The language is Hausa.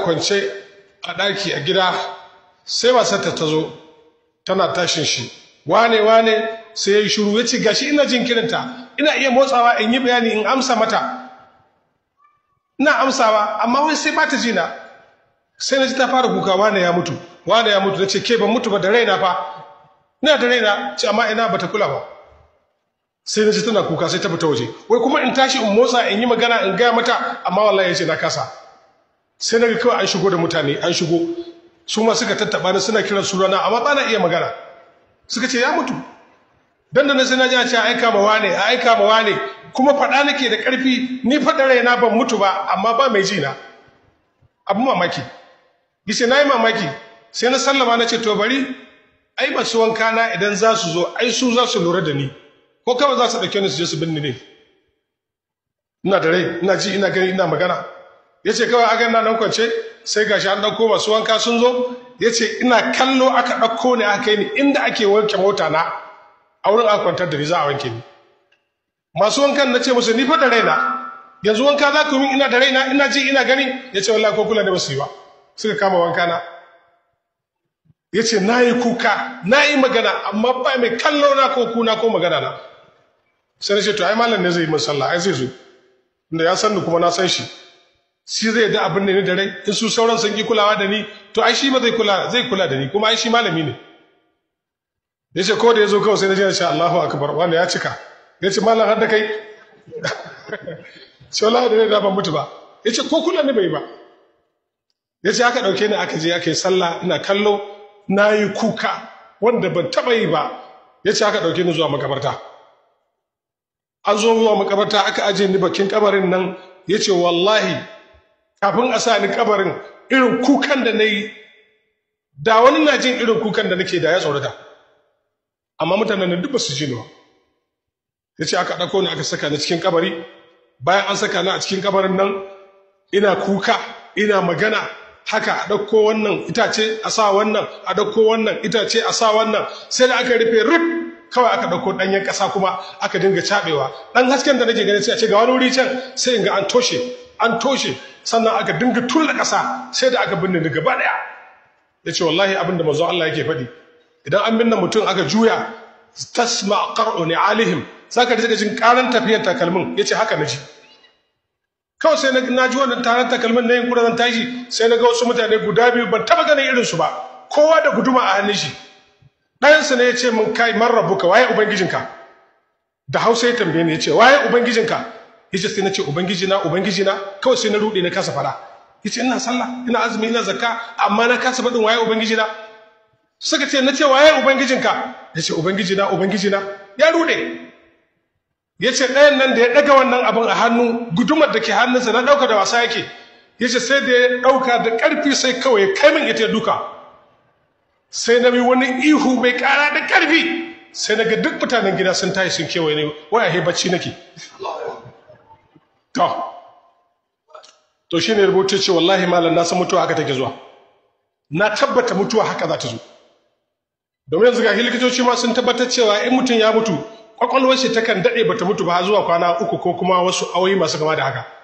kwance a ɗaki a gida sai matarta ta zo tana tashin shi wane wane sai ya yi shuru ya ce gashi ina jin kirinta ina iya motsawa in yi bayani in amsa mata ina amsawa amma wai sai ba ta ji na sai na ji ta fara kuka wane ya mutu wane ya mutu na ce ke ban mutu ba da raina fa ina da raina ce amma ina bata kula ba sai na ji tana kuka sai ta fita waje wai kuma in tashi in motsa in yi magana in gaya mata amma wallahi ya ce na kasa sai na ga kawai an shigo da mutane an shigo su ma suka tattaba ni suna kiran su rana, amma ba na iya magana suka ce ya mutu dan da na sai na ji a ce aika ma wane aika ma wane kuma faɗa nake da ƙarfi ni faɗa raina ban mutu ba amma ba mai ji na abu mamaki yace na yi mamaki sai na sallama na ce to bari ai masu wanka na idan za su zo ai su za su lura da ni ko kawai za su ɗauke ni su je su binne ne ina da rai ina ji ina gani ina magana ya ce kawai agan na nan kwance sai gashi an ɗauko masu wanka sun zo ya ce ina kallo aka ɗauko ne aka kai ni inda ake wanke mota na a wurin aka kwantar da ni za a wanke ni masu wankan na ce musu ni fa da raina yanzu wanka za ku min ina da raina ina ji ina gani ya ce wallahi ko kula da basu yi ba suka kama wanka na ya ce na yi kuka na yi magana amma ba mai kallo na ko kuna ko magana na sai ce to ai malam ne zai yi min sallah ai zai zo inda ya san ni kuma na san shi shi zai da abin da ni da rai in su sauran sun ki kulawa da ni to ai shi ma zai kula zai kula da ni kuma ai shi malami ne ya ce ko da ya zo kawai sai na je Allahu akbar wanda ya cika ya ce malam har da kai sai Allah da ne da ban mutu ba ya ce ko kula ne bai ba ya ce aka dauke ni aka je aka yi sallah ina kallo na yi kuka wanda ban taba yi ba ya ce aka dauke ni zuwa makabarta an zo zuwa makabarta aka ajiye ni bakin kabarin nan ya ce wallahi kafin a sa ni kabarin irin kukan da na yi da wani na jin irin kukan da nake da ya tsorata amma mutanen nan duk ba su ji ni ya ce aka ɗauko ni aka saka ni cikin kabari bayan an saka ni a cikin kabarin nan ina kuka ina magana haka a ɗauko wannan itace a sa wannan a ɗauko wannan itace a sa wannan sai da aka rufe rip kawai aka ɗauko ɗanyen ƙasa kuma aka dinga caɓewa ɗan hasken da nake ganin sai a ce ga wani wuri can sai in ga an toshe an toshe sannan aka dinga tulla ƙasa sai da aka binne ni gaba ɗaya ya ce wallahi abin da Allah yake faɗi idan an binne mutum aka juya tasma qar'u ni alihim saka ji jin karan tafiyar takalmin Ya ce haka naji kawai sai na ji wannan taron takalmin na yin zan tashi sai na ga wasu mutane guda biyu ban taba ganin irin su ba kowa da guduma a hannun shi dan su ne ce mun kai man rabbuka waye ubangijinka da Hausa ya tambaye ni yace waye ubangijinka yace sai na ce ubangiji na ubangiji na kawai sai na rude na kasa fara. yace ina sallah ina azumi ina zakka amma na kasa fadin waye ubangiji na suka ce na ce waye ubangijinka yace ubangiji na ubangiji na ya rude yace ɗayan nan da ya daga wannan abin a hannu gudumar da ke hannunsa na dauka da wasa yake yace sai da ya ɗauka da karfi sai kawai kai min ita duka sai na bi wani ihu mai kara da karfi sai na ga duk mutanen gida sun tashi sun kewaye ne wai bacci nake Allah to to ne rubuce ce wallahi malam na san mutuwa haka take zuwa na tabbata mutuwa haka za ta zo domin yanzu ga likitoci ma sun tabbatar cewa in mutum ya mutu kwakwalwar shi takan daɗe bata mutu ba zuwa kwana uku ko kuma wasu awoyi masu kama da haka